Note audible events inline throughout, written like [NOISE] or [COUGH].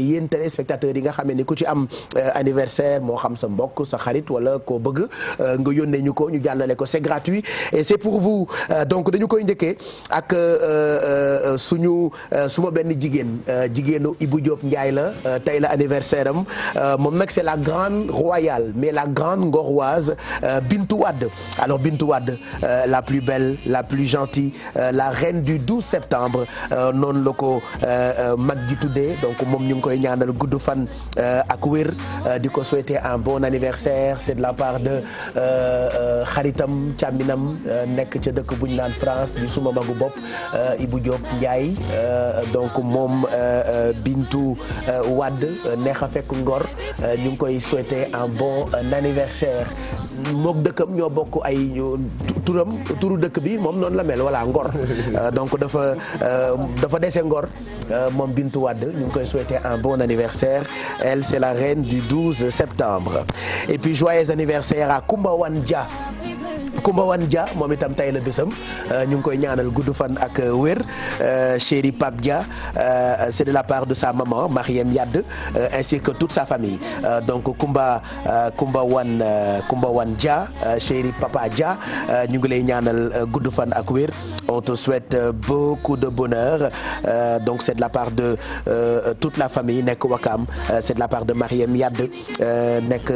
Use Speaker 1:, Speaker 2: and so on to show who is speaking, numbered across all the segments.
Speaker 1: yéen téléspectateurs yi nga xamee ni ku ci am euh, anniversaire moo xam sa mbokk sa xarit wala koo bëgg euh, nga yónnee ñu ko ñu jàllale ko c'est gratuit et c'est pour vous euh, donc dañu koy njëkkee ak suñu suma benn jigéen jigéenu ibu Diop njaay la tey la anniversaire am moom nag c'est la grande royale mais la grande ngoroise Bintou Wade alors Bintou Wade la plus belle la plus gentille la reine du 12 septembre noonu la ko mag ji tuddee donc moom ñu ngi koy ñaanal gudd fan euh, ak wér euh, di ko souhaiter un bon anniversaire c'est de la part de euh, xaritam càmminam nekk ca dëkk bu ñu naan France di suma magu bopp Ibou Diop Ndiaye donc moom Bintu wadd neex a fekk ngor ñu ngi koy souhaiter en bon anniversaire mook dëkkam ñoo bokk ay turam turu dëkk bi moom noonu la mel voilà ngor [LAUGHS] donc dafa dafa dese ngor moom Bintu Wade ñu ngi koy souhaiter un bon anniversaire. Elle, c'est la reine du 12 septembre. Et puis, joyeux anniversaire à Kumbawandia. Kumba Wan Dia moom itam tay la bésam euh, ñu ngi koy ñaanal gudd fan ak wér euh, chéri Pape Dia euh, c'est de la part de sa maman Mariem Yad ainsi que toute sa famille donc Kumba Kumba Wan Kumba Wan Dia chéri Papa Dia ñu ngi lay ñaanal gudd fan ak wér on te souhaite beaucoup de bonheur donc c'est de la part de toute la famille nekk Wakam c'est de la part de Mariem Yad nekk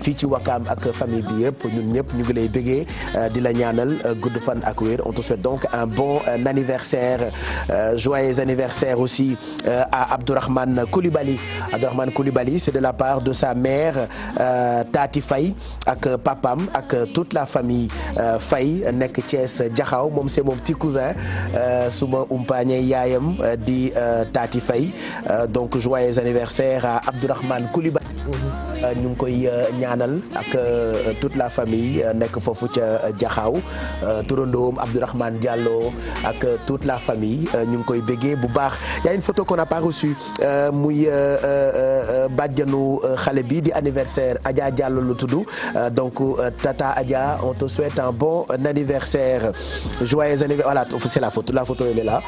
Speaker 1: fii ci Wakam ak famille bi yëpp ñun ñëpp ñu ngi lay bégee Euh, di la ñaanal euh, gudd fan ak wér on te souhaite donc un bon euh, anniversaire joyeux anniversaire aussi à Abdourahmane Koulibaly Abdourahmane Koulibaly c'est de la part de sa mère Tati Faye ak papam ak toute la famille Faye nekk Thiès Diakhaw moom c'est mon petit cousin suma umpaañe yaayam di Tati Faye donc joyeux anniversaire à Abdourahmane Koulibaly mm-hmm. Euh, ñu ngi koy euh, ñaanal ak euh, toute la famille nekk foofu ca Jaxaaw turandoom Abdourahmane Diallo ak toute la famille ñu ngi koy béggee bu baax y a une photo qu'on n'a pas reçue muy bàjjanu xale bi di anniversaire Adja Diallo lu tudd donc Tata Adja on te souhaite un bon anniversaire joyeux anniversaire voilà c'est la photo la photo elle est là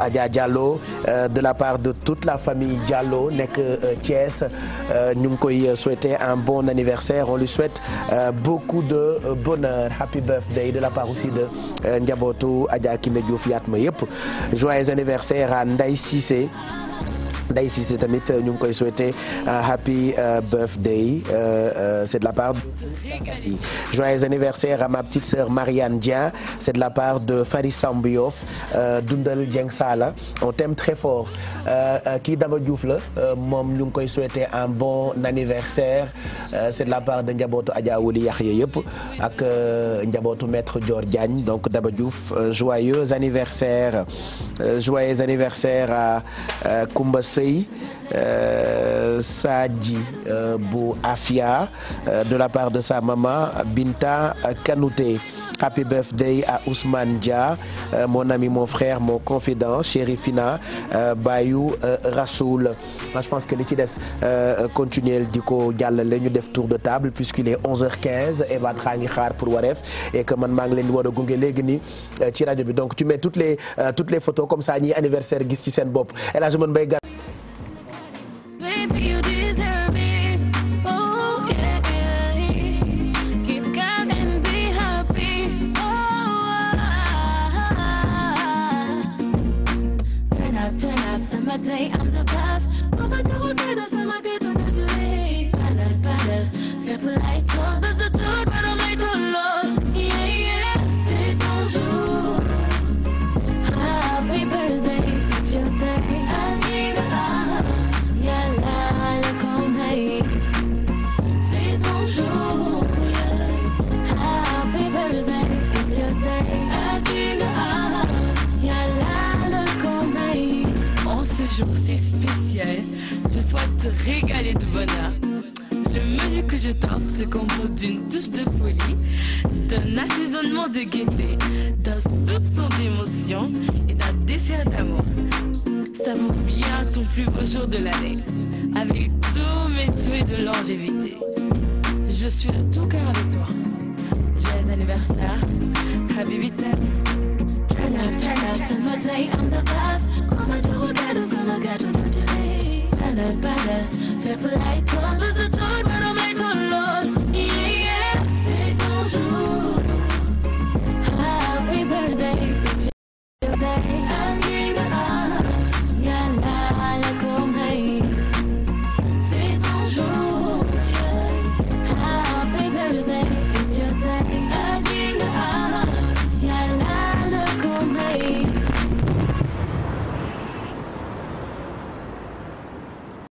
Speaker 1: Adja de la part de toute la famille Diallo nekk Thiès ñu ngi koy souhaiter un bon anniversaire. On lui souhaite euh, beaucoup de euh, bonheur. Happy birthday de la part aussi de euh, Ndiabotou Adja Kine Diouf Yatma yëpp. Joyeux anniversaire à Ndaye Cissé. Ndeye Cissé tamit euh, ñu ngi koy souhaiter euh, happy euh, birthday c'est de la part joyeux anniversaire à ma petite sœur Marianne Dia c'est de la part de Fari Sambiof Dundal Dieng Sala on t'aime très fort kii Daba Diouf la moom ñu ngi koy souhaiter un bon anniversaire c'est de la part de njabootu Adja Wuli Yaxya yëpp ak njabootu maître Dior Diagne donc Daba Diouf joyeux anniversaire joyeux anniversaire à Koumba conseil euh, Sadji euh, bu Afia euh, de la part de sa maman Binta Kanouté. Happy birthday à Ousmane Dia, euh, mon ami, mon frère, mon confident, chérie Fina, euh, Bayou euh, Rassoul. Moi, je pense que li ci des continuer di ko jàllale ñu def tour de table puisqu'il est 11 h Eva Tra ngi xaar pour Wareef et que man maa ngi leen di a gunge léegi nii ci rajo bi donc tu mets toutes les toutes photos comme ça ñi anniversaire gis ci seen bopp.
Speaker 2: sama day am na baas booba joxul benn sama gën a dajale panel panel fépp lay toog da da tuut ba da may tolloon yeah yeah c'est ton jour happy birthday it's your day Amina yàlla la ko may c'est ton jour jour si spécial, je souhaite te régaler de bonheur. Le menu que je t'offre se compose d'une touche de folie, d'un assaisonnement de gaieté, d'un soupçon d'émotion et d'un dessert d'amour. Ça vaut bien ton plus beau jour de l'année, avec tous mes souhaits de longévité. Je suis de tout cœur avec toi. Joyeux anniversaire, Habibitem. turn up, turn up. Summer day, I'm the boss. 고마워, 그대로 흘러가던 그들이. 바라, 바라. Feel like all of the